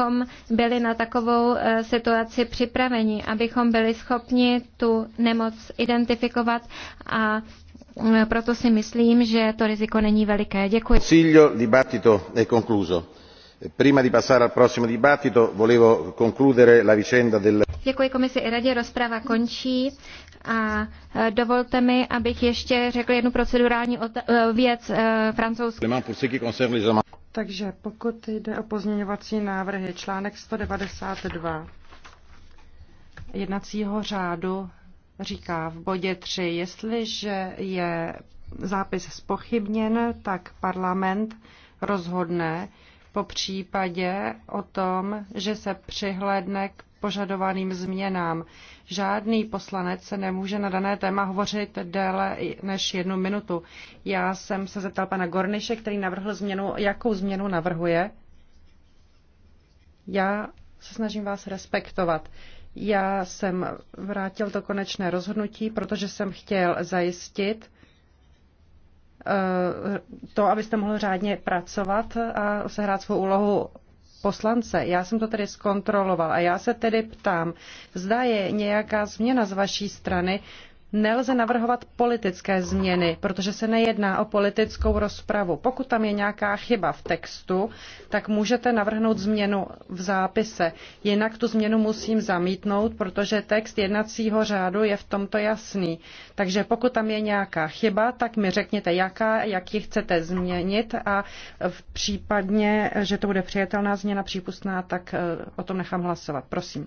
abychom byli na takovou eh, situaci připraveni, abychom byli schopni tu nemoc identifikovat a eh, proto si myslím, že to riziko není veliké. Děkuji. dibattito è concluso. Prima di passare al prossimo dibattito volevo concludere la vicenda del Děkuji komisi i radě, rozprava končí a eh, dovolte mi, abych ještě řekl jednu procedurální věc francouzskou. Takže pokud jde o pozměňovací návrhy, článek 192 jednacího řádu říká v bodě 3, jestliže je zápis spochybněn, tak parlament rozhodne po případě o tom, že se přihlédne k požadovaným změnám. Žádný poslanec se nemůže na dané téma hovořit déle než jednu minutu. Já jsem se zeptal pana Gorniše, který navrhl změnu, jakou změnu navrhuje. Já se snažím vás respektovat. Já jsem vrátil to konečné rozhodnutí, protože jsem chtěl zajistit, eh, to, abyste mohl řádně pracovat a sehrát svou úlohu poslance. Já jsem to tedy zkontroloval a já se tedy ptám, zda je nějaká změna z vaší strany nelze navrhovat politické změny, protože se nejedná o politickou rozpravu. Pokud tam je nějaká chyba v textu, tak můžete navrhnout změnu v zápise. Jinak tu změnu musím zamítnout, protože text jednacího řádu je v tomto jasný. Takže pokud tam je nějaká chyba, tak mi řekněte, jaká, jak ji chcete změnit a v případně, že to bude přijatelná změna přípustná, tak eh, o tom nechám hlasovat. Prosím.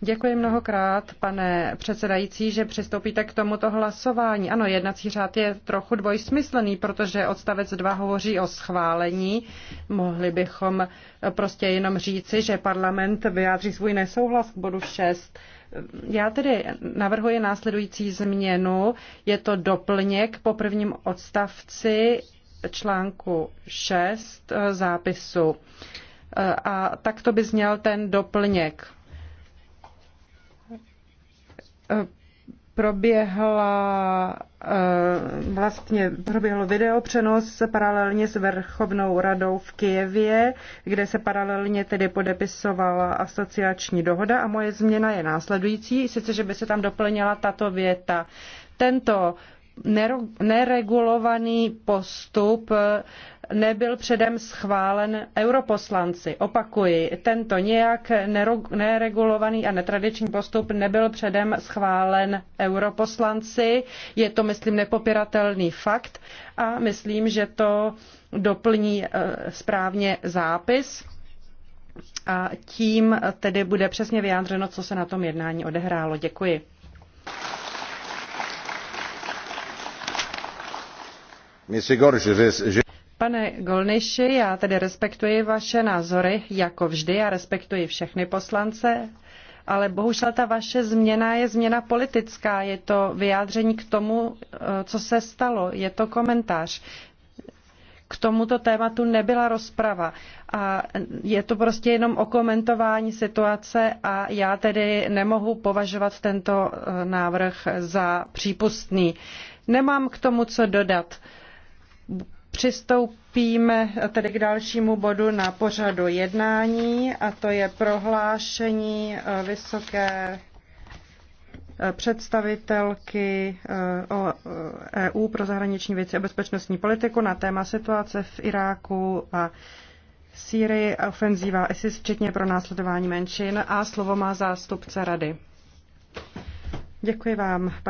Děkuji mnohokrát, pane předsedající, že přistoupíte k tomuto hlasování. Ano, jednací řád je trochu dvojsmyslný, protože odstavec 2 hovoří o schválení. Mohli bychom prostě jenom říci, že parlament vyjádří svůj nesouhlas k bodu 6. Já tedy navrhuji následující změnu. Je to doplněk po prvním odstavci článku 6 zápisu. A takto by zněl ten doplněk proběhla eh, vlastně proběhlo videopřenos paralelně s Verchovnou radou v Kijevě, kde se paralelně tedy podepisovala asociační dohoda a moje změna je následující, sice, že by se tam doplnila tato věta. Tento neregulovaný postup eh, nebyl předem schválen europoslanci. Opakuji, tento nějak neregulovaný a netradiční postup nebyl předem schválen europoslanci. Je to, myslím, nepopiratelný fakt a myslím, že to doplní eh, správně zápis a tím tedy bude přesně vyjádřeno, co se na tom jednání odehrálo. Děkuji. Gorge, je... Pane Golniši, já tedy respektuji vaše názory, jako vždy, já respektuji všechny poslance, ale bohužel ta vaše změna je změna politická, je to vyjádření k tomu, eh, co se stalo, je to komentář. K tomuto tématu nebyla rozprava a je to prostě jenom o komentování situace a já tedy nemohu považovat tento eh, návrh za přípustný. Nemám k tomu co dodat Přistoupíme tedy k dalšímu bodu na pořadu jednání a to je prohlášení eh, vysoké eh, představitelky EU eh, e pro zahraniční věci a bezpečnostní politiku na téma situace v Iráku a Sýrii, ofenzíva ISIS, včetně pro následování menšin a slovo má zástupce rady. Děkuji vám.